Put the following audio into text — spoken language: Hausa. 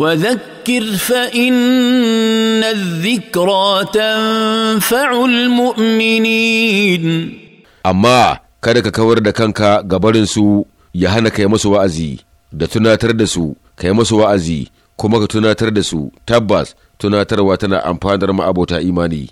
وذكر فان الذكرى تنفع المؤمنين amma kada ka kawar da kanka ga barinsu ya hana kai masu wa'azi da tunatar da su kai masu wa'azi kuma ka tunatar da su tabbas tunatarwa tana amfanar ma'abota imani